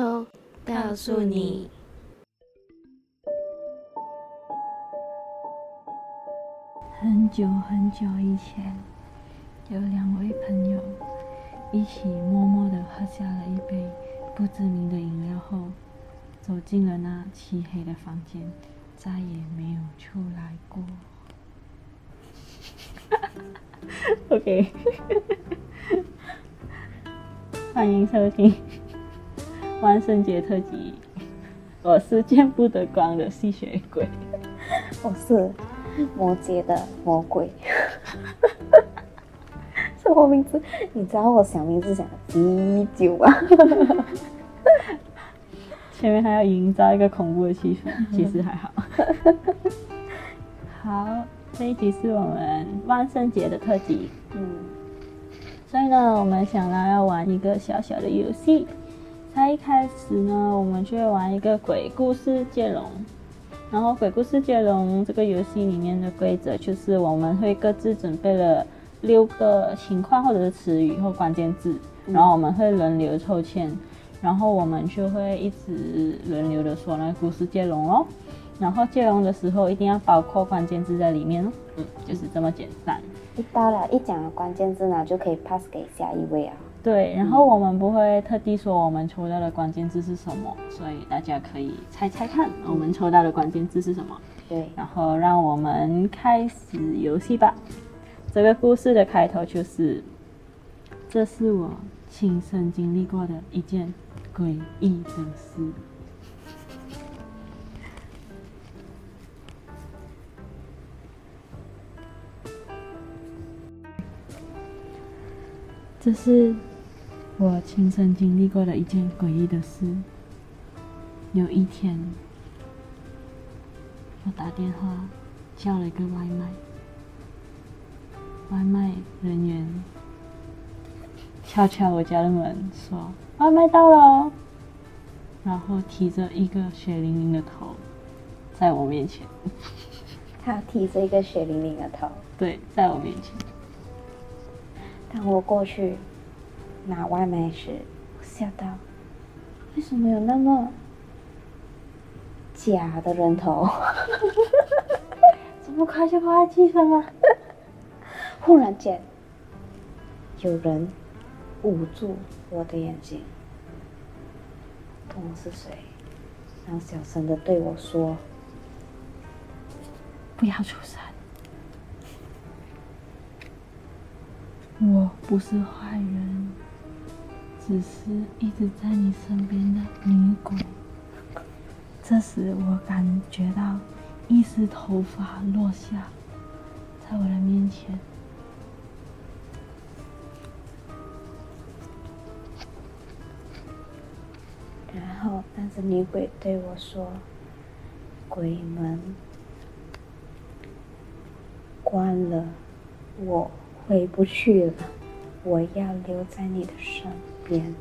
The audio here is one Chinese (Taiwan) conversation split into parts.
偷偷告訴你，很久很久以前，有兩位朋友一起默默的喝下了一杯不知名的飲料後，走進了那漆黑的房間，再也沒有出來過。OK 歡迎收聽。萬聖節特輯，我是見不得光的吸血鬼，我是摩羯的魔鬼， 什麼名字？你知道我小名字叫啤酒嗎？ 前面還要營造一個恐怖的氣氛，嗯、其實還好。好，這一集是我們萬聖節的特輯，嗯，所以呢，我們想到要玩一個小小的遊戲。那一開始呢，我們就會玩一個鬼故事接龍。然後鬼故事接龍這個遊戲裡面的規則就是，我們會各自準備了六個情況或者是詞語或關鍵字，然後我們會輪流抽籤，然後我們就會一直輪流的說那個故事接龍哦。然後接龍的時候一定要包括關鍵字在裡面哦。就是這麼簡單。一到了，一講了關鍵字呢，就可以 pass 給下一位啊。對，然後我們不會特地說我們抽到的關鍵字是什麼，所以大家可以猜猜看我們抽到的關鍵字是什麼。對，然後讓我們開始遊戲吧。這個故事的開頭就是，這是我親身經歷過的一件詭異的事。這是。我親身經歷過了一件詭異的事。有一天，我打電話叫了一個外賣，外賣人員敲敲我家的門，說外賣到咯，然後提着一個血淋淋的頭在我面前，他提着一個血淋淋的頭，對，在我面前，但我過去。拿外賣時，我嚇到，為什麼有那麼假的人頭？ 怎麼快就扣來分啊？ 忽然間，有人捂住我的眼睛，我是誰？然後小聲的對我說：“不要出聲，我不是壞人。”只是一直在你身邊的女鬼。這時我感覺到一絲頭髮落下，在我的面前。然後那隻女鬼對我說：“鬼門關了，我回不去了，我要留在你的身邊。”天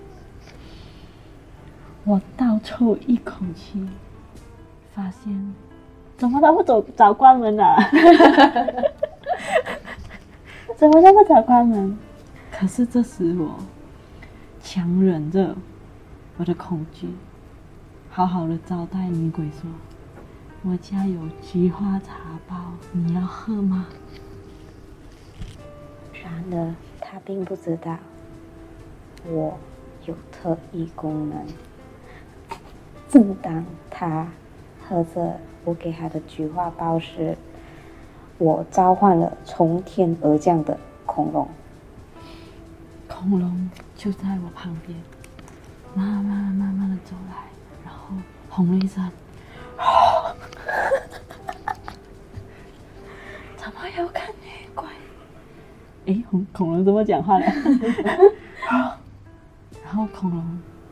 我倒抽一口氣，發現怎麼都不走，早關門了。 怎麼那麼早關門？可是這時我強忍着我的恐懼，好好的招待女鬼說：“我家有菊花茶包，你要喝嗎？”然而，他並不知道。我有特異功能。正當他喝着我給他的菊花包時，我召喚了從天而降的恐龍。恐龍就在我旁邊，慢慢慢慢的走來，然後紅了一聲。 怎麼又看女鬼？哎，恐龍怎麼講話了？ 然後恐龍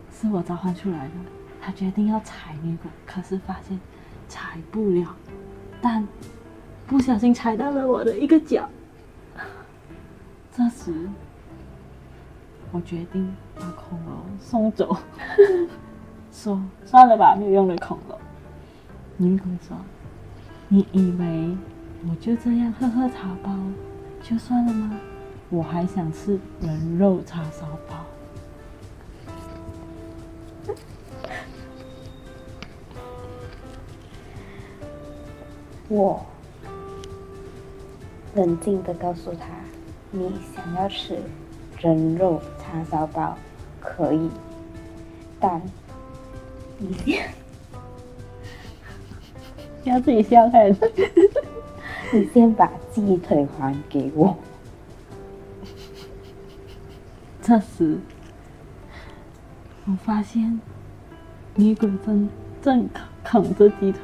是我召喚出來的，他決定要踩女鬼，可是發現踩不了，但不小心踩到了我的一個腳。這時我決定把恐龍送走， 說算了吧，沒有用的恐龍。女鬼說：“你以為我就這樣喝喝茶包就算了嗎？我還想吃人肉叉燒包。”我冷靜的告訴他：“你想要吃人肉叉燒包，可以，但你……要自己笑狠。 你先把雞腿還給我。”這時。我發現女鬼正正啃啃着雞腿，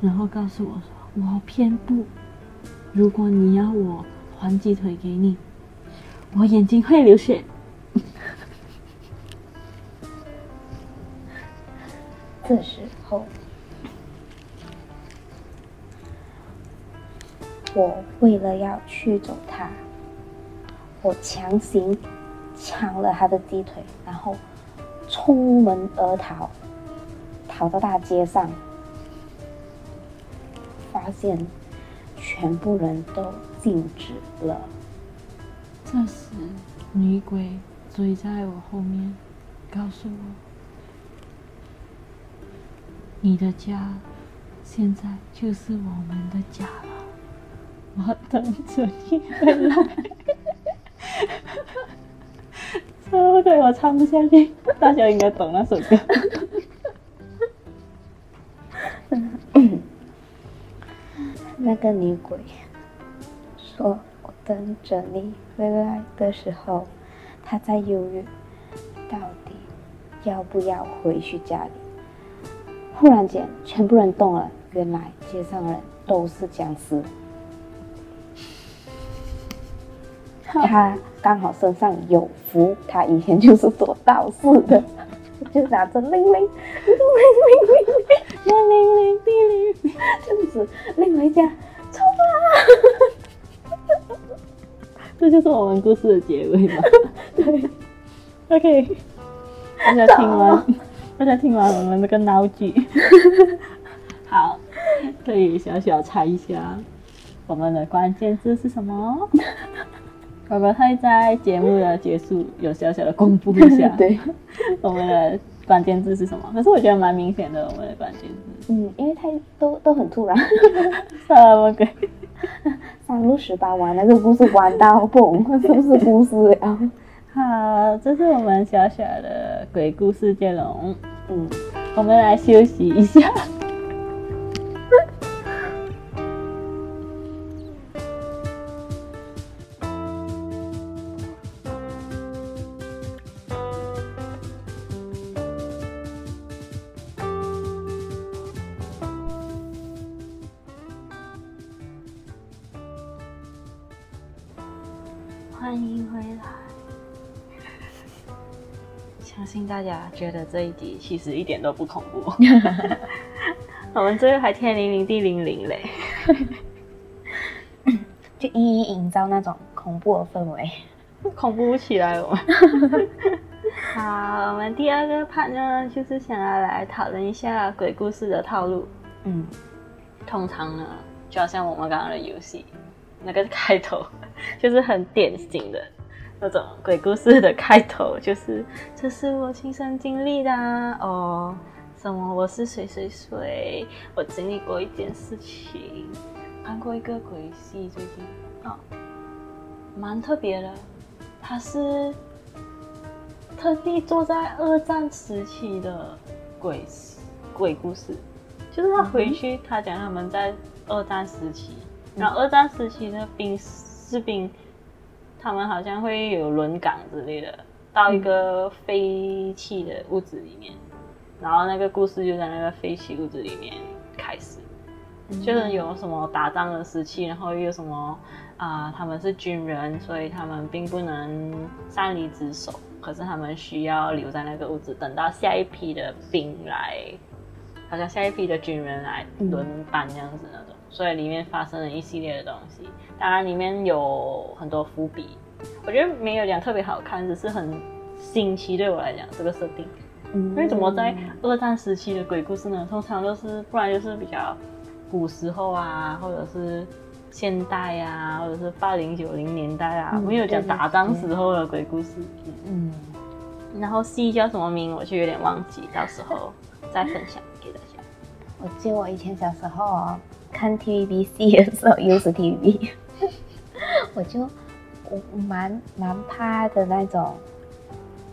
然後告訴我說：“我偏不，如果你要我還雞腿給你，我眼睛會流血。”這時候，我為了要驅走它，我強行。搶了他的雞腿，然後衝門而逃，逃到大街上，發現全部人都靜止了。這時，女鬼追在我後面，告訴我：“你的家現在就是我們的家了，我等着你回來。”對，我唱不下去，大家應該懂那首歌。 那個女鬼說：“我等着你回來的時候，她在猶豫到底要不要回去家裡。”忽然間，全部人動了，原來街上的人都是僵屍。他剛好身上有符，他以前就是做道士的。對就拿着零零」、「零零」、「零零」、「零零」、「零零」、「零零」，這樣子拎回家，衝啊！ 這就是我們故事的結尾嗎？對。OK， shirt 大家聽完、哦，大家聽完我們的個鬧劇。 好，可以小小猜一下，我們的關鍵字是什麼？我們會在節目的結束有小小的公布一下，對，我們的關鍵字是什麼？可是我覺得蠻明顯的，我們的關鍵字，嗯，因為他都都很突然，什麼鬼？上、okay 啊、路十八彎，那個故事彎到崩，是 不是故事啊？好，這是我們小小的鬼故事接龍，嗯，我們來休息一下。歡迎回來！相信大家覺得這一集其實一點都不恐怖，我們最後還天靈靈地靈靈嘞，就一一營造那種恐怖的氛圍，恐怖不起來我們，好，我們第二個 part 呢，就是想要來討論一下鬼故事的套路。嗯，通常呢，就好像我們剛剛的遊戲。那個開頭就是很典型的那種鬼故事的開頭，就是這是我親身經歷的哦，什麼我是誰誰誰，我經歷過一件事情，看過一個鬼戲最近，啊、哦，蠻特別的，他是特地坐在二戰時期的鬼鬼故事，就是他回去、嗯、哼他講他們在二戰時期。那二戰時期的兵士兵，他們好像會有輪崗之類的，到一個廢棄的屋子裡面，嗯、然後那個故事就在那個廢棄屋子裡面開始，就是、嗯、有什麼打仗的時期，然後又有什麼啊、呃，他們是軍人，所以他們並不能擅離職守，可是他們需要留在那個屋子，等到下一批的兵來，好像下一批的軍人來輪班這樣子那種。嗯所以裡面發生了一系列的東西，當然裡面有很多伏筆。我覺得沒有講特別好看，只是很新奇。對我來講，這個設定，嗯，因為怎麼在二戰時期的鬼故事呢？通常都是不然就是比較古時候啊，或者是現代啊，或者是八零九零年代啊，沒有講打仗時候的鬼故事。嗯，嗯，然後 C 叫什麼名，我就有點忘記，到時候再分享給大家。我記得我以前小時候。看 TVB 戲的時候，又是 TVB，我就我蠻蠻怕的那種，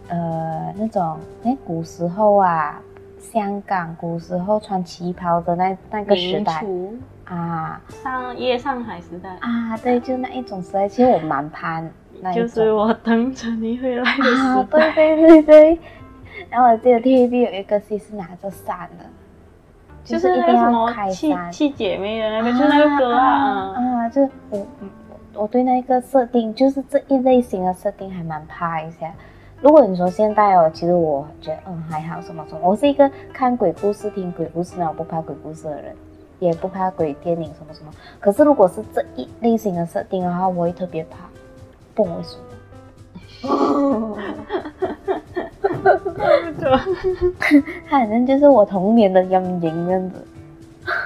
呃，那種誒，古時候啊，香港古時候穿旗袍的那那個時代錯啊，上夜上海時代啊，對，就那一種時代，其實我蠻怕的，那就是我等着你回來的時代、啊、對對對對。 然後我記得 TVB 有一個戲是拿着傘的。就是，一定要開就是什麼氣氣姐妹的個，就那，那個啊啊，啊，啊，就是我，我對那一個設定，就是這一類型的設定還蠻怕一下。如果你說現代哦，其實我覺得嗯還好什麼什麼。我是一個看鬼故事、聽鬼故事，然後我不怕鬼故事的人，也不怕鬼電影什麼什麼。可是如果是這一類型的設定的話，我也特別怕，不為什麼。 他反正就是我童年的陰影這樣子，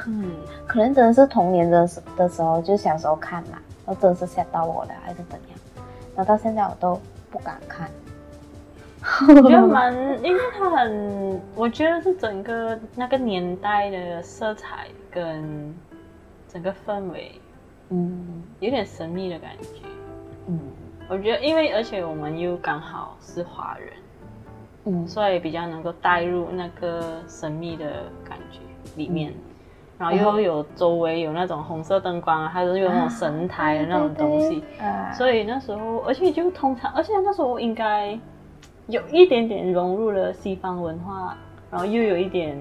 嗯，可能真的是童年的時的時候，就小時候看了，然後真的是嚇到我了，還是怎樣？然後到現在我都不敢看。 我覺得蠻，因為他很，我覺得是整個那個年代的色彩跟整個氛圍，嗯，有點神秘的感覺。嗯，我覺得，因為而且我們又剛好是華人。嗯、所以比較能夠帶入那個神秘的感覺裡面，嗯、然後又有周圍有那種紅色燈光，啊、還有有那種神台的那種東西，啊對對對。啊、所以那時候，而且就通常，而且那時候應該有一點點融入了西方文化，然後又有一點，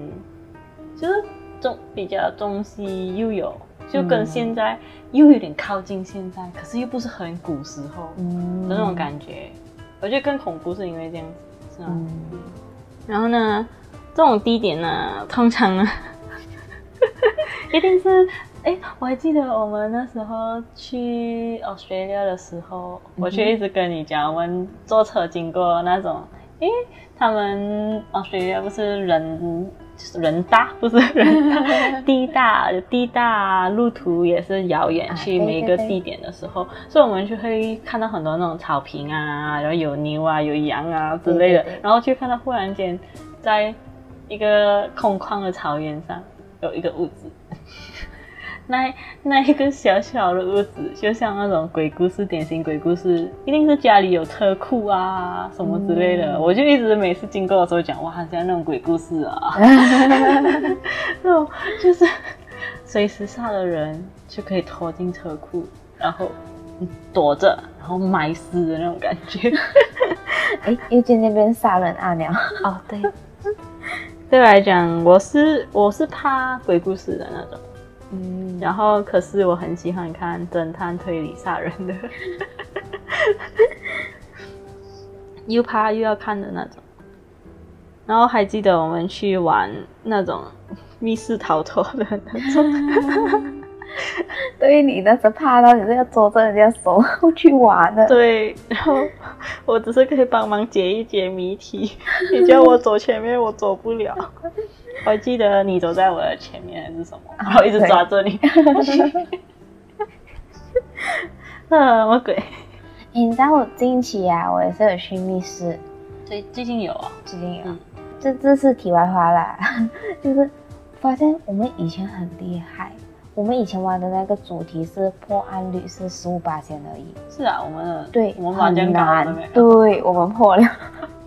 就是中比較中西又有，就跟現在、嗯、又有點靠近現在，可是又不是很古時候的那、嗯、種感覺。我覺得更恐怖是因為這樣。啊，是嗯、然後呢？這種地點呢，通常呢 一定是……哎，我還記得我們那時候去澳大利亞的時候，我卻一直跟你講，我們坐車經過那種……哎，他們澳大利亞不是人。就是人大不是人大，地大地大，路途也是遙遠。去每一個地點的時候，啊、對對對，所以我們就會看到很多那種草坪啊，然後有牛啊，有羊啊之類的。對對對，然後就看到忽然間，在一個空曠的草原上，有一個屋子。那那一個小小的屋子，就像那種鬼故事，典型鬼故事一定是家裡有車庫啊，什麼之類的。嗯、我就一直每次經過的時候講，哇，好像那種鬼故事啊， 那種就是隨時殺的人就可以拖進車庫，然後、嗯、躲着，然後埋屍的那種感覺。哎、 欸，又見那邊殺人阿娘。 哦，對，對我來講，我是我是怕鬼故事的那種、個。然後可是我很喜歡看偵探推理殺人的， 又怕又要看的那種。然後還記得我們去玩那種密室逃脫的那種。 對於你那是怕到你是要捉着人家手去玩的。對，然後我只是可以幫忙解一解謎題， 你叫我走前面我走不了。我還記得你走在我的前面還是什麼，啊、然後一直抓着你。嗯對，我 鬼。你知道我近期啊，我也是有去密室。對，最近有啊，最近有。這、嗯、這是題外話啦。 就是發現我們以前很厲害。我們以前玩的那個主題是破案率是十五巴仙而已。是啊，我們對，我們好像難了對，我們破了。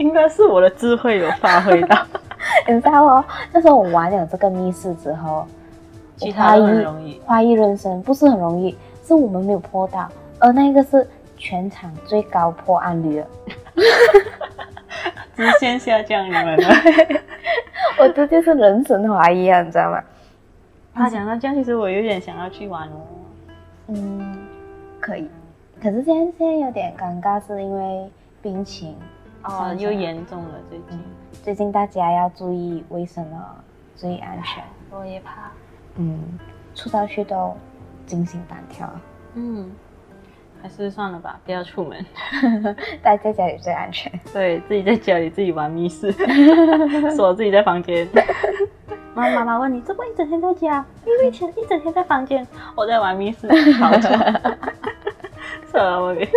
應該是我的智慧有發揮到， 你知道哦。那時候我玩了這個密室之後，其他很容易懷疑，懷疑人生，不是很容易，是我們沒有破到，而那個是全場最高破案率了。 直線下降你們了 的，我這就是人生懷疑啊，你知道嗎？他講到這樣，其實我有點想要去玩嗯，可以，可是現在，現在有點尷尬，是因為病情。哦，又嚴重了最近。最近大家要注意衛生了，注意安全。我也怕。嗯。出到去都驚心膽跳。嗯。還是算了吧，不要出門。待在家裡最安全。對，自己在家裡自己玩密室。鎖我自己在房間。媽媽媽問你怎麼一整天在家？因為前一整天在房間。我在玩密室。好。錯了，我給。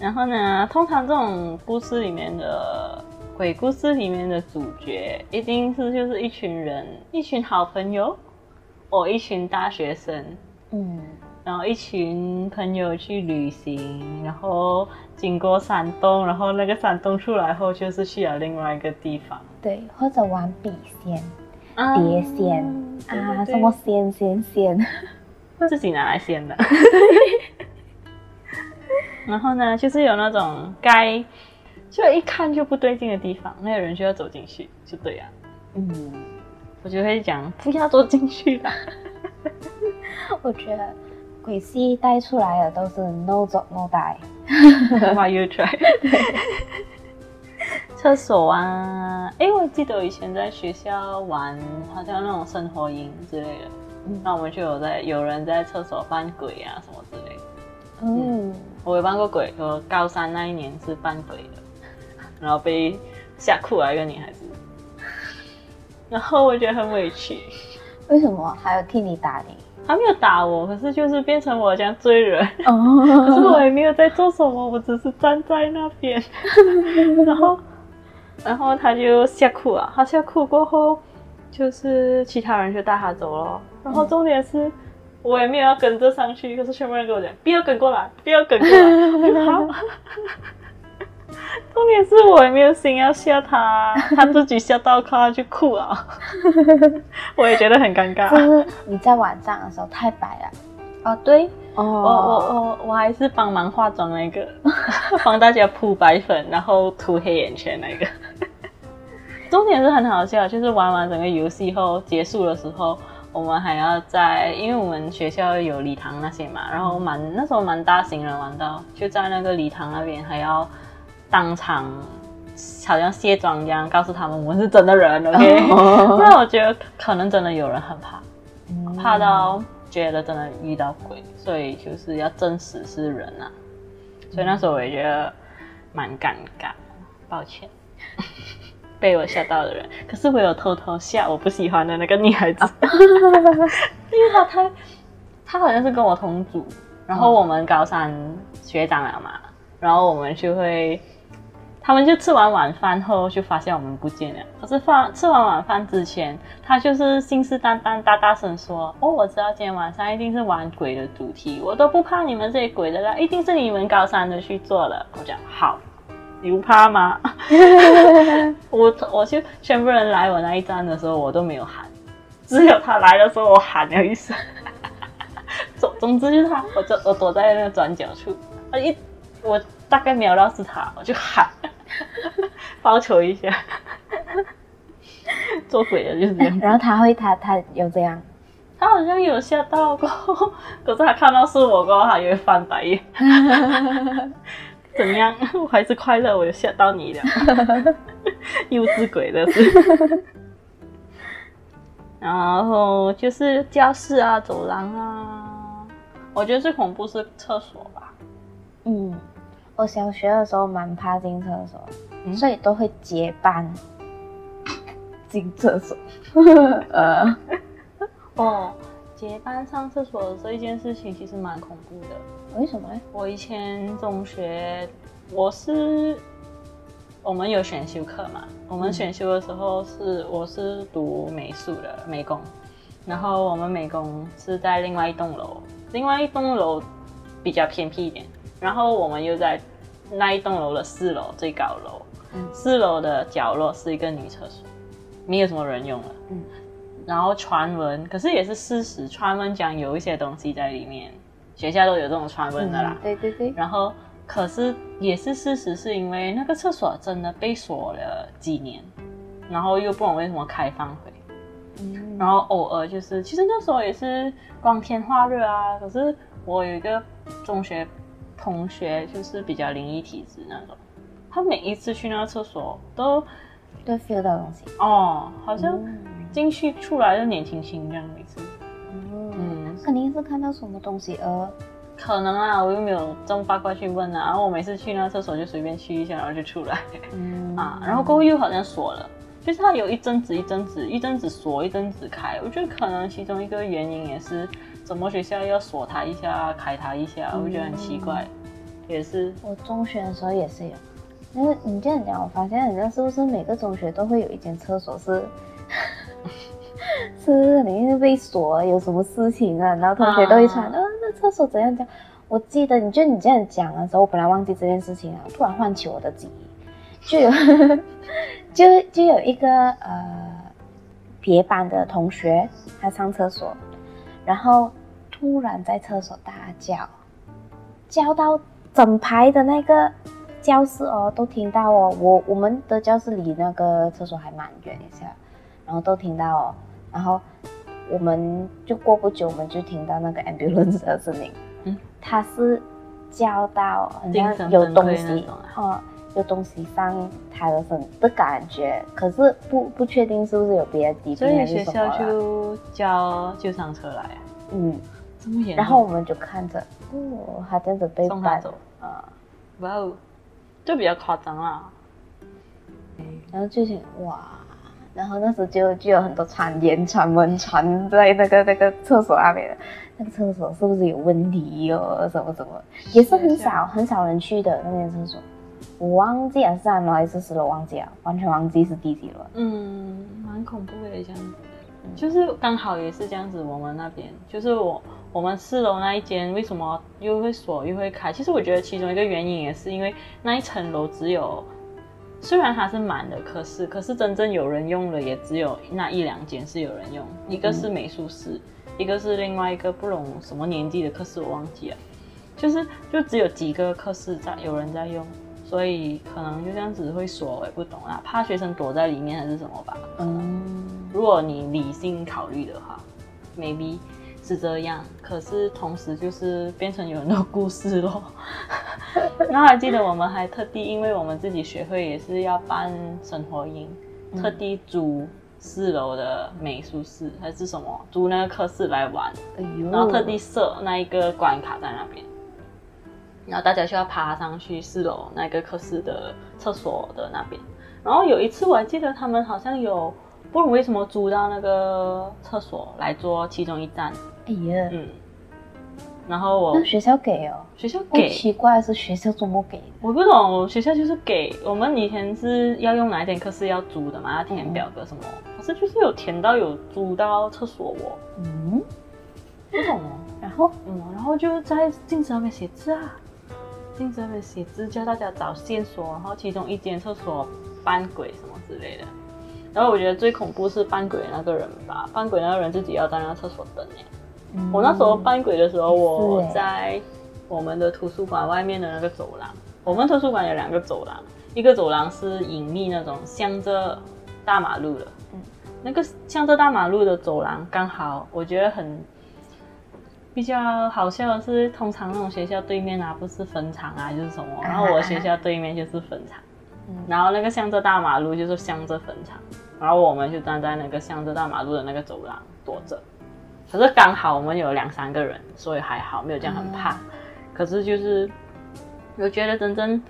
然後呢，通常這種故事裡面的鬼故事裡面的主角，一定是就是一群人，一群好朋友，哦，一群大學生，嗯，然後一群朋友去旅行，然後經過山洞，然後那個山洞出來後，就是去了另外一個地方，對，或者玩筆仙、碟仙啊，什麼仙仙仙， 自己拿來仙的。 然後呢，就是有那種該就一看就不對勁的地方，那個人就要走進去，就對啊。嗯，我就會講不要走進去啦。 我覺得鬼戲帶出來的都是 no job no die。 Why you try？對 廁所啊，哎，我記得我以前在學校玩，好像那種生活營之類的，嗯、那我們就有在有人在廁所扮鬼啊什麼之類的。嗯，我有扮過鬼，我高三那一年是扮鬼的，然後被嚇哭了一個女孩子，然後我覺得很委屈，為什麼還要替你打你？他沒有打我，可是就是變成我這樣追人，Oh. 可是我也沒有在做什麼，我只是站在那邊，然後然後他就嚇哭了，他嚇哭過後，就是其他人就帶他走了，嗯，然後重點是。我也沒有要跟着上去，可是全部人跟我講，不要跟過來，不要跟過來。 好，重點是我也沒有心要嚇他，他自己嚇到快要去哭啊！ 我也覺得很尷尬。是你在晚上的時候太白了。哦， oh, 對，我我我我還是幫忙化妝那個， 幫大家鋪白粉，然後塗黑眼圈那個。 重點是很好笑，就是玩完整個遊戲後結束的時候。我們還要在，因為我們學校有禮堂那些嘛，然後蠻那時候蠻大型人玩到，就在那個禮堂那邊還要當場，好像卸妝一樣，告訴他們我們是真的人，OK、哦。那我覺得可能真的有人很怕，怕到覺得真的遇到鬼，嗯、所以就是要證實是人啊。所以那時候我也覺得蠻尷尬，抱歉。 被我嚇到的人，可是我有偷偷嚇我不喜歡的那個女孩子。啊、 因為她他她好像是跟我同組，然後我們高三學長了嘛，然後我們就會他們就吃完晚飯後就發現我們不見了，可是飯吃完晚飯之前，他就是信誓旦旦大大聲說：“哦，我知道今天晚上一定是玩鬼的主題，我都不怕你們這些鬼的啦，一定是你們高三的去做了。”我講好。你不怕嗎？ 我我就全部人來我那一站的時候，我都沒有喊，只有他來的時候我喊了一聲。 總總之就是他，我就我躲在那個轉角處，一我大概瞄到是他，我就喊，報仇一下， 做鬼了就是這樣、嗯。然後他會他他有這樣，他好像有嚇到過，可是他看到是我過後，他也會翻白眼。 怎麼樣？我還是快樂，我又嚇到你了， 幼稚鬼的是。 然後就是教室啊，走廊啊，我覺得最恐怖是廁所吧。嗯，我小學的時候蠻怕進廁所，嗯、所以都會結伴進廁所。 呃， 哦。結伴上廁所的這一件事情其實蠻恐怖的。為什麼呢？我以前中學，我是我們有選修課嘛。我們選修的時候是我是讀美術的美工，然後我們美工是在另外一棟樓，另外一棟樓比較偏僻一點。然後我們又在那一棟樓的四樓最高樓，嗯，四樓的角落是一個女廁所，沒有什麼人用了。嗯。然後傳聞，可是也是事實。傳聞講有一些東西在裡面，學校都有這種傳聞的啦。嗯、對對對。然後，可是也是事實，是因為那個廁所真的被鎖了幾年，然後又不懂為什麼開放回。嗯。然後偶爾就是，其實那時候也是光天化日啊。可是我有一個中學同學，就是比較靈異體質那種，他每一次去那個廁所都都 feel 到東西。哦，好像。嗯進去出來就年輕輕這樣每次，嗯，嗯肯定是看到什麼東西而、啊，可能啊，我又沒有這麼八卦去問啊，然後我每次去那廁所就隨便去一下，然後就出來，嗯啊，然後過後又好像鎖了，嗯、就是它有一陣子一陣子一陣子鎖一陣子，子開，我覺得可能其中一個原因也是，怎麼學校要鎖它一下開它一下，我覺得很奇怪，嗯、也是，我中學的時候也是有，因為你這樣講，我發現好像是不是每個中學都會有一間廁所是。是裡面被鎖，有什麼事情啊？然後同學都會傳、啊哦，那廁所怎樣講？我記得，你就你這樣講的時候，我本來忘記這件事情啊，然突然喚起我的記憶，就有， 就就有一個呃，別班的同學他上廁所，然後突然在廁所大叫，叫到整排的那個教室哦，都聽到哦。我我們的教室離那個廁所還蠻遠一下，然後都聽到哦。然後，我們就過不久，我們就聽到那個 ambulance 的聲音。嗯，他是叫到有東西，哈、啊嗯，有東西上他的身的感覺，可是不不確定是不是有別的地方，還所以學校就叫就上車來啊。嗯，這麼嚴，然後我們就看着，哦，他真的被帶走啊。哇哦、嗯，就比較誇張了。嗯、然後劇情哇。然後那時就就有很多傳言、傳聞傳在那個那個廁所那邊，那個廁所是不是有問題喲、哦？什麼什麼也是很少，學校，很少人去的那間廁所，我忘記是三樓還是十樓，忘記了，完全忘記是第幾樓。嗯，蠻恐怖的這樣子，就是剛好也是這樣子。我們那邊就是我我們四樓那一間為什麼又會鎖又會開？其實我覺得其中一個原因也是因為那一層樓只有。雖然它是滿的，課室，可是真正有人用的也只有那一兩間是有人用，一個是美術室，一個是另外一個不懂什麼年紀的課室，我忘記了，就是就只有幾個課室在有人在用，所以可能就這樣子會鎖，我也不懂啊，怕學生躲在裡面還是什麼吧。嗯，如果你理性考慮的話，maybe。是這樣，可是同時就是變成有很多故事咯 然那還記得我們還特地，因為我們自己學會也是要辦生活營，嗯、特地租四樓的美術室還是什麼，租那個課室來玩，哎、呦然後特地設那一個關卡在那邊，然後大家需要爬上去四樓那個課室的廁所的那邊。然後有一次我還記得他們好像有，不知為什麼租到那個廁所來做其中一站。嗯，然後我那學校給哦，學校給。奇怪是學校怎麼給？我不懂，我學校就是給我們以前是要用哪一間課室要租的嘛，要填表格什麼？嗯、可是就是有填到有租到廁所哦。嗯，不懂哦。然後嗯，然後就在鏡子上面寫字啊，鏡子上面寫字，叫大家找線索，然後其中一間廁所扮鬼什麼之類的。然後我覺得最恐怖是扮鬼那個人吧，扮鬼那個人自己要在那廁所等你。我那時候扮鬼的時候，我在我們的圖書館外面的那個走廊。我們圖書館有兩個走廊，一個走廊是隱秘那種，向着大馬路的。嗯，那個向着大馬路的走廊，剛好我覺得很比較好笑的是，通常那種學校對面啊，不是墳場啊，就是什麼。然後我學校對面就是墳場，然後那個向着大馬路就是向着墳場，然後我們就站在那個向着大馬路的那個走廊躲着。可是剛好我們有兩三個人，所以還好沒有這樣很怕。嗯、可是就是，我覺得真正，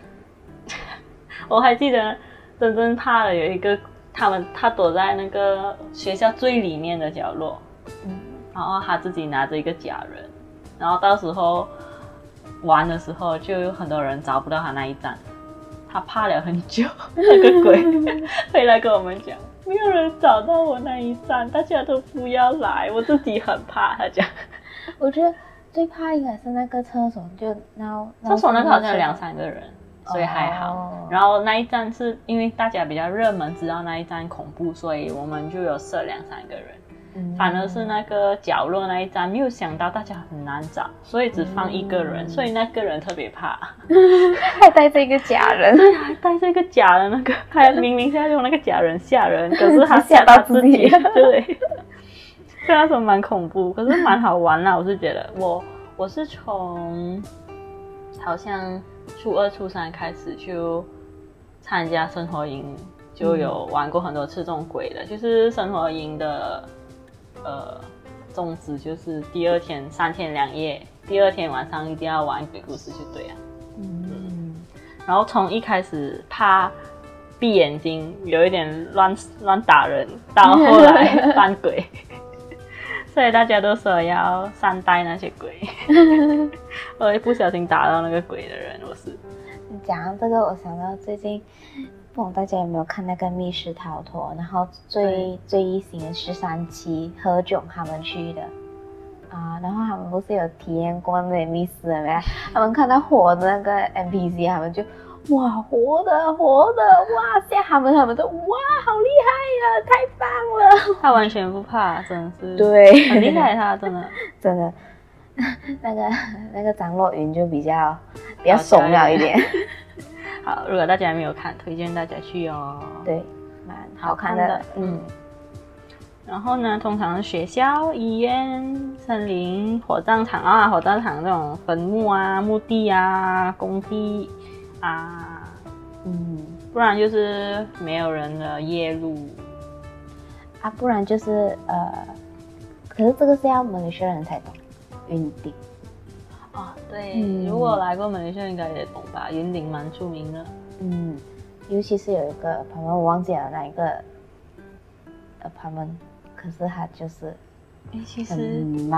我還記得真正怕了有一個他們，他躲在那個學校最裡面的角落，嗯、然後他自己拿着一個假人，然後到時候玩的時候就有很多人找不到他那一站，他怕了很久那個鬼，回來跟我們講。沒有人找到我那一站，大家都不要來，我自己很怕大家。他講，我覺得最怕應該是那個廁所，就那廁所那個好像有兩三個人，所以還好。Oh. 然後那一站是因為大家比較熱門，知道那一站恐怖，所以我們就有設兩三個人。反而是那個角落那一張，沒有想到大家很難找，所以只放一個人，嗯、所以那個人特別怕，還帶着一個假人，對，還帶着一個假人，那個他明明現在用那個假人嚇人，可是他嚇到他自己，自己對，雖然說蠻恐怖，可是蠻好玩啦，啊。我是覺得， 我我是從好像初二、初三開始就參加生活營，就有玩過很多次這種鬼的，就是生活營的。呃，宗旨就是第二天三天兩夜，第二天晚上一定要玩鬼故事去。對啊、嗯，嗯，然後從一開始怕閉眼睛，有一點亂亂打人，到後來扮鬼。 所以大家都說要善待那些鬼。 我一不小心打到那個鬼的人，我是。你講這個，我想到最近。大家有沒有看那個密室逃脫？然後最對最一行十三期何炅他們去的啊，然後他們不是有體驗過那密室的沒？有沒有嗯、他們看到活的那個 NPC，他們就哇，活的，活的，哇！這他們，他們都哇，好厲害呀，啊，太棒了！他完全不怕，真的是對，很厲害，啊，他真的 真的那個那個張若昀就比較比較慫帥了一點。 好，如果大家還沒有看，推薦大家去哦。對，蠻好看的，好看的。嗯。嗯，然後呢？通常學校、醫院、森林、火葬場啊，火葬場那種墳墓啊、墓地啊、工地啊，嗯，不然就是沒有人的夜路啊，不然就是呃，可是這個是要我們的學生才懂。嗯對，嗯、如果來過馬來西亞應該也懂吧？雲頂蠻出名的，嗯，尤其是有一個，他們我忘記了哪一個 apartment，可是他就是很，哎，其實，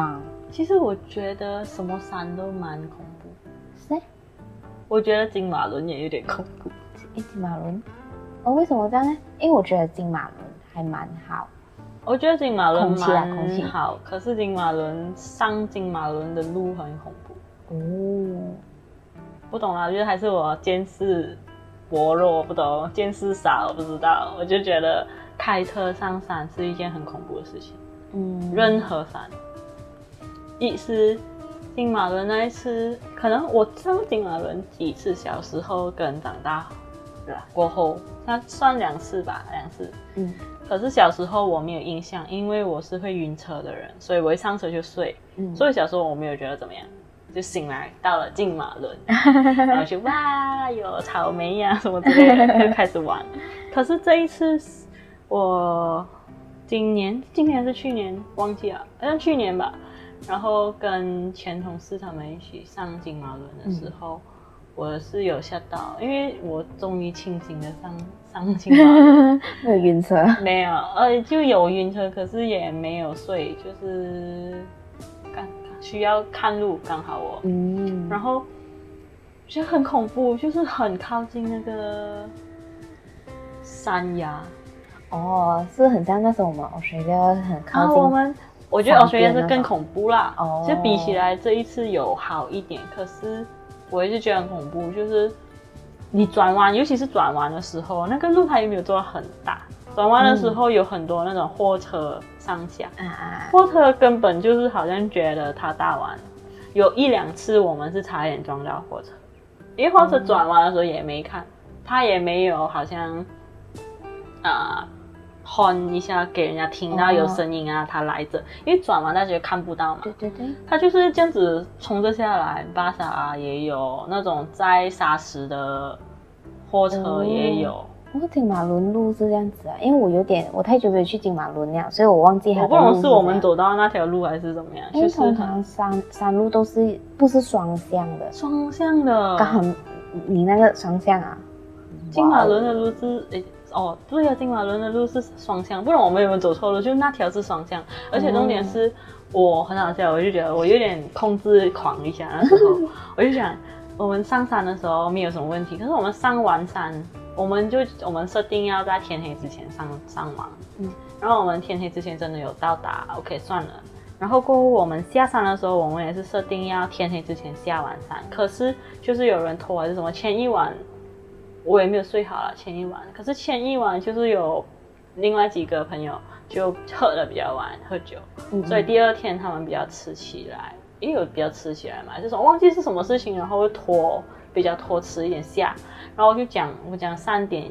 其實我覺得什麼山都蠻恐怖，是耶？我覺得金馬倫也有點恐怖，金馬倫。哦，為什麼這樣呢？因為我覺得金馬倫還蠻好，我覺得金馬崙蠻好，啊、可是金馬倫上金馬倫的路很恐怖。哦，嗯、不懂啦，我覺得還是我見識薄弱，我不懂見識少，我不知道。我就覺得開車上山是一件很恐怖的事情。嗯，任何山，一是，金馬倫那一次，可能我上金馬倫幾次，小時候跟長大，對、嗯、過後那算兩次吧，兩次。嗯。可是小時候我沒有印象，因為我是會暈車的人，所以我一上車就睡。嗯。所以小時候我沒有覺得怎麼樣。就醒來到了金馬崙，然後就哇有草莓呀、啊、什麼之類的，就開始玩。 可是這一次我今年今年是去年忘記了，好像去年吧。然後跟前同事他們一起上金馬崙的時候，嗯、我是有嚇到，因為我終於清醒的上上金馬崙。沒有暈車？沒有，呃，就有暈車，可是也沒有睡，就是。需要看路，剛好哦。嗯，然後我覺得很恐怖，就是很靠近那個山崖，哦。是很像那時候嗎？我覺得很靠近，啊、我們我覺得我覺得是更恐怖啦。哦，就比起來這一次有好一點，可是我一直覺得很恐怖，就是你轉彎，尤其是轉彎的時候，那個路它有沒有做到很大。轉彎的時候有很多那種貨車上下，嗯、貨車根本就是好像覺得他大彎，有一兩次我們是差點撞到貨車，因為貨車轉彎的時候也沒看，他也沒有好像啊，hon 一下給人家聽到有聲音啊，他來着，因為轉彎大家看不到嘛。對對對，他就是這樣子衝着下來，巴士、啊、也有，那種載砂石的貨車、哦、也有。我是、哦、金馬倫路是這樣子啊，因為我有點我太久沒有去金馬倫那樣，所以我忘記。我不懂是我們走到那條路還是怎麼樣？哎、因為通常山山路都是不是雙向的？雙向的，剛好你那個雙向啊，金馬倫的路是哇哦，對啊，金馬倫的路是雙向。不然我們有沒有走錯路？就是那條是雙向，而且重點是、嗯、我很好笑，我就覺得我有點控制狂一下，那時候我就想， 我就想我們上山的時候沒有什麼問題，可是我們上完山。我們就我們設定要在天黑之前上上網，嗯，然後我們天黑之前真的有到達，OK，算了。然後過後我們下山的時候，我們也是設定要天黑之前下完山，可是就是有人拖還是什麼，前一晚我也沒有睡好了，前一晚，可是前一晚就是有另外幾個朋友就喝的比較晚，喝酒，嗯、所以第二天他們比較遲起來，也有比較遲起來嘛，就是說忘記是什麼事情，然後拖比較拖遲一點下，然後我就講，我講三點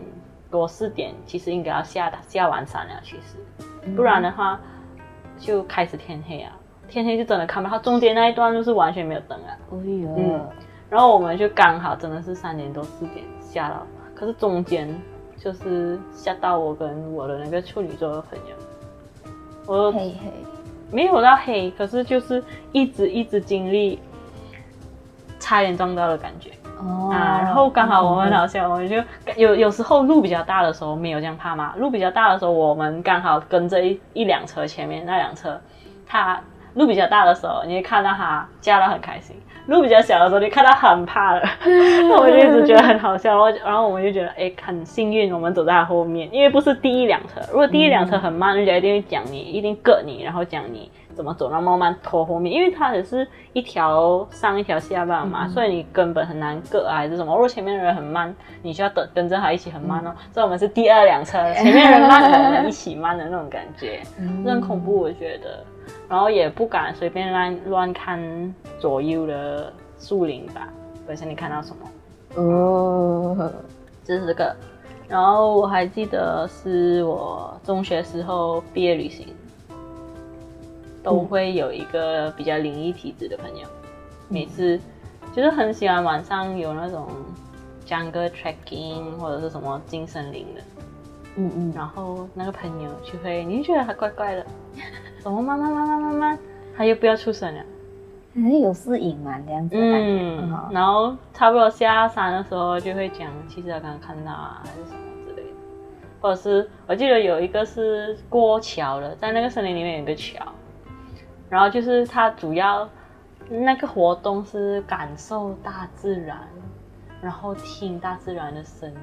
多四點，其實應該要下下完山了，其實，不然的話、嗯、就開始天黑啊，天黑就真的看不到，它中間那一段就是完全沒有燈啊。哎呦、哦喲嗯，然後我們就剛好真的是三點多四點下到，可是中間就是嚇到我跟我的那個處女座的朋友，我黑黑嘿沒有到黑，可是就是一直一直經歷差點撞到的感覺。哦、啊，然後剛好我們好像我們就、哦、有有時候路比較大的時候沒有這樣怕嘛，路比較大的時候我們剛好跟着一一輛車，前面那輛車，它路比較大的時候，你就看到它駕得很開心。路比較小的時候，你看到他很怕了，那 我們就一直覺得很好笑。然後然後我們就覺得，哎、欸，很幸運，我們走在他後面，因為不是第一輛車。如果第一輛車很慢，人家、嗯、一定會講你，一定跟你，然後講你怎麼走那麼慢，然後慢慢拖後面。因為它只是一條上一條下半嘛，嗯、所以你根本很難跟啊，還是什麼。如果前面的人很慢，你需要等跟着他一起很慢哦。嗯、所以我們是第二輛車，前面人慢，我們一起慢的那種感覺，嗯，很恐怖，我覺得。然後也不敢隨便亂亂看左右的樹林吧。本身你看到什麼？哦，這是個。然後我還記得是我中學時候畢業旅行，都會有一個比較靈異體質的朋友，嗯、每次就是很喜歡晚上有那種 jungle trekking 或者是什麼進森林的。嗯嗯。然後那個朋友就會，你覺得還怪怪的。什麼、哦？慢慢，慢、慢，慢慢、慢慢，他又不要出聲了，還是、嗯、有事隱瞞的樣子的。嗯，然後差不多下山的時候就會講，其實他剛剛看到還是什麼之類的，或者是我記得有一個是過橋的，在那個森林裡面有個橋。然後就是他主要那個活動是感受大自然，然後聽大自然的聲音。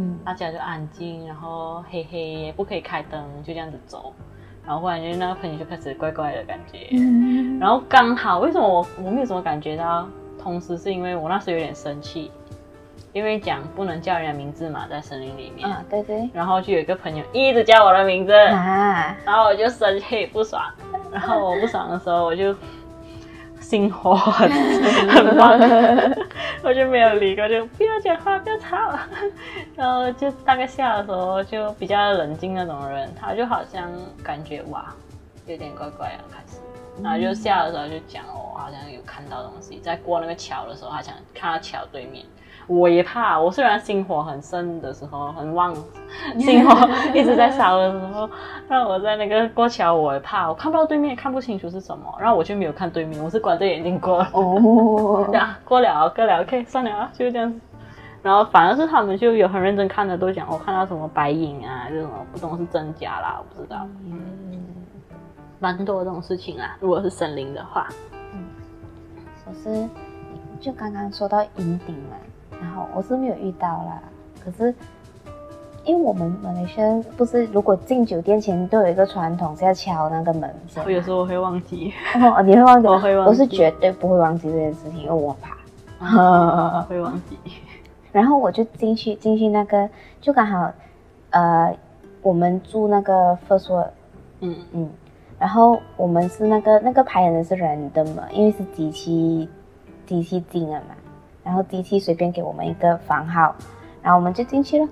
嗯，大家就安靜，然後黑黑，也不可以開燈，就這樣子走。然後忽然間，那個朋友就開始怪怪的感覺。嗯。然後剛好，為什麼我我沒有什麼感覺到？同時是因為我那時有點生氣，因為講不能叫人家名字嘛，在森林裡面。啊，對對。然後就有一個朋友一直叫我的名字，啊，然後我就生氣不爽。然後我不爽的時候，我就。心慌， 很慌棒， 我就沒有理過，就不要講話，不要吵。 然後就大概下的時候就比較冷靜那種人，他就好像感覺哇，有點怪怪的開始，然後就下的時候就講，我、哦、好像有看到東西，在過那個橋的時候，他想看到橋對面。我也怕，我雖然心火很深的時候很旺，心火一直在燒的時候，然 我在那個過橋，我也怕，我看不到對面，看不清楚是什麼，然後我就沒有看對面，我是關着眼睛過了。哦、oh. 過了，過了 o、OK, k 算了啊，就這樣子。然後反而是他們就有很認真看的都，都講我看到什麼白影啊，這種不懂是真假啦，我不知道。嗯蠻多的這種事情啊，如果是森林的話。嗯，我是就剛剛說到銀頂嘛。然後我是沒有遇到啦，可是因為我們馬來西亞不是，如果進酒店前都有一個傳統是要敲那個門，我有時候我會忘記。哦、你會忘記，我會忘我是絕對不會忘記這件事情，因為我怕，我會忘記。 然後我就進去進去那個，就剛好，呃，我們住那個 First World，嗯嗯，然後我們是那個那個牌人是 random 的嘛，因為是機器，機器進了嘛。然後滴滴隨便給我們一個房號，然後我們就進去了。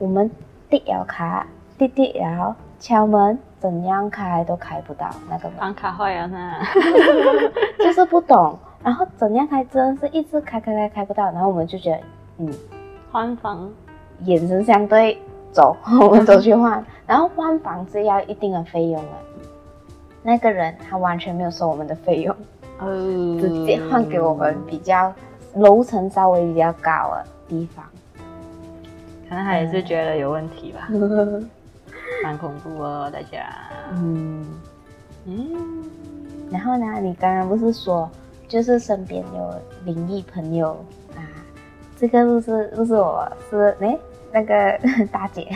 我們遞搖卡，遞遞搖，敲門，怎樣開都開不到那個門。房卡壞了呢，哈哈 就是不懂。然後怎樣開，真是一直開開開開不到。然後我們就覺得，嗯，換房，眼神相對，走，我們走去換。然後換房子要一定的費用了，那個人他完全沒有收我們的費用，哦、嗯，直接換給我們比較樓層稍微比較高的地方，可能他也是覺得有問題吧，嗯、 蠻恐怖哦，大家。嗯嗯，嗯然後呢？你剛剛不是說就是身邊有靈異朋友啊？這個不、就是不、就是我是哎、欸、那個大姐、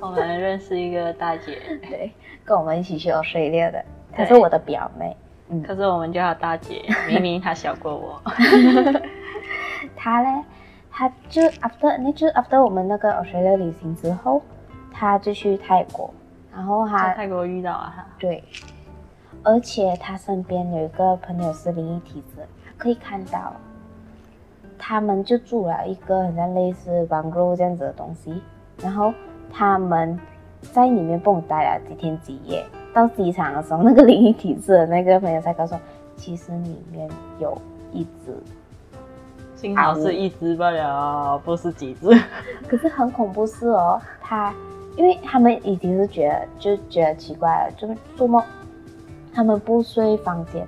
哦，我們認識一個大姐，對，跟我們一起去 Australia 的，她對是我的表妹。可是我們叫她大姐，嗯、明明她小過我。 她嘞，她就 after 那就 after 我們那個澳洲的旅行之後，她就去泰國，然後她泰國遇到了、啊、對，而且她身邊有一個朋友是靈異體質，可以看到。他們就住了一個很像類似 Bungalow 這樣子的東西，然後他們。在裡面蹦躂了幾天幾夜，到機場的時候，那個靈異體質的那個朋友才告訴我，其實裡面有一隻，幸好是一隻罷了，不是幾隻。可是很恐怖是哦，他因為他們已經是覺得就覺得奇怪了，就是做夢，他們不睡房間，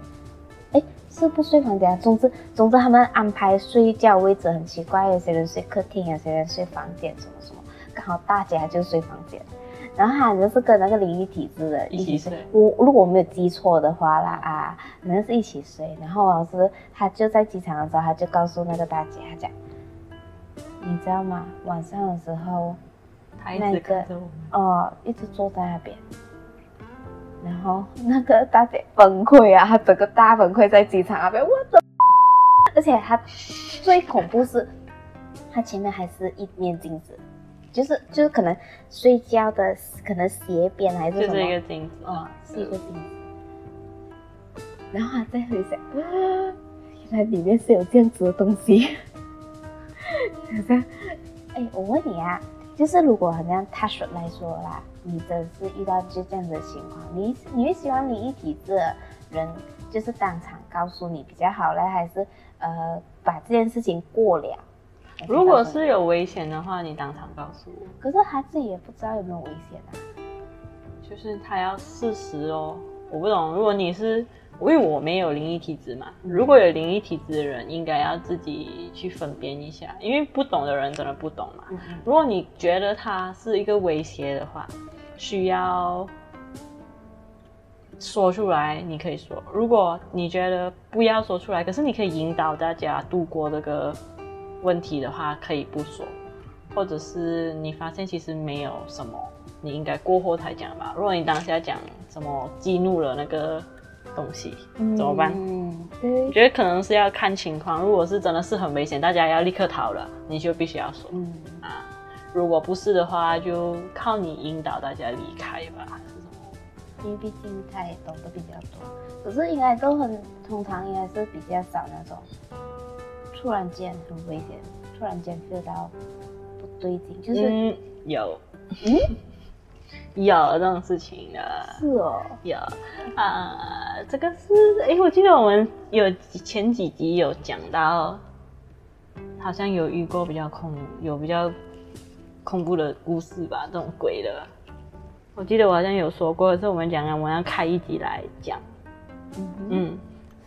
哎、欸，是不睡房間啊？總之總之他們安排睡覺位置很奇怪，有誰人睡客廳有誰人睡房間什麼什麼，剛好大家就睡房間。然後他就是跟那個靈異體質的一起睡，一起睡，我如果我沒有記錯的話啦啊，可能是一起睡。然後老、啊、師他就在機場的時候，他就告訴那個大姐，他講，你知道嗎？晚上的時候，那個哦、呃，一直坐在那邊。然後那個大姐崩潰啊，她整個大崩潰在機場那邊，我走，而且他最恐怖是，噓他前面還是一面鏡子。就是就是可能睡覺的可能鞋邊還是什麼，一個鏡子啊、哦，是一個鏡子。嗯、然後他再回想，原來裡面是有這樣子的東西。 哎，我問你啊，就是如果好像 touch wood 來說啦，你真的是遇到這這樣的情況，你你會希望你一起的人，就是當場告訴你比較好嘞，還是呃把這件事情過了？如果是有危險的話，你當場告訴我。可是他自己也不知道有沒有危險啊？就是他要事實哦，我不懂。如果你是，因為我沒有靈異體質嘛，嗯、如果有靈異體質的人，應該要自己去分辨一下，因為不懂的人真的不懂嘛？嗯、哼如果你覺得他是一個威脅的話，需要說出來，你可以說。如果你覺得不要說出來，可是你可以引導大家度過這個。問題的話可以不說，或者是你發現其實沒有什麼，你應該過後才講吧。如果你當下講什麼激怒了那個東西，嗯、怎麼辦？我對覺得可能是要看情況。如果是真的是很危險，大家要立刻逃了，你就必須要說。嗯、啊，如果不是的話，就靠你引導大家離開吧，還是什麼？因為畢竟他也懂得比較多，可是應該都很通常，應該是比較少那種。突然間很危險，突然間 feel 到不對勁，就是、嗯、有、嗯、有這種事情的。是哦、喔，有啊，這個是哎、欸，我記得我們有前幾集有講到，好像有預告比較恐怖，有比較恐怖的故事吧，這種鬼的。我記得我好像有說過，所以我們講，我們要開一集來講，嗯，哼嗯，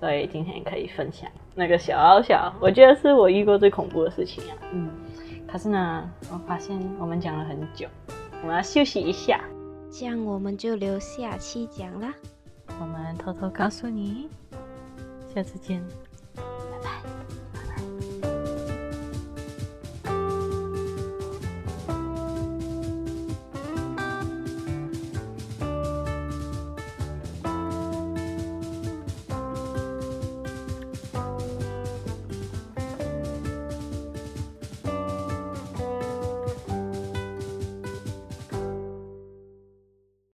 所以今天可以分享。那個小、小小，我覺得是我遇過最恐怖的事情啊。嗯，可是呢，我發現我們講了很久，我們要休息一下，這樣我們就留下期講了。我們偷偷告訴你，下次見。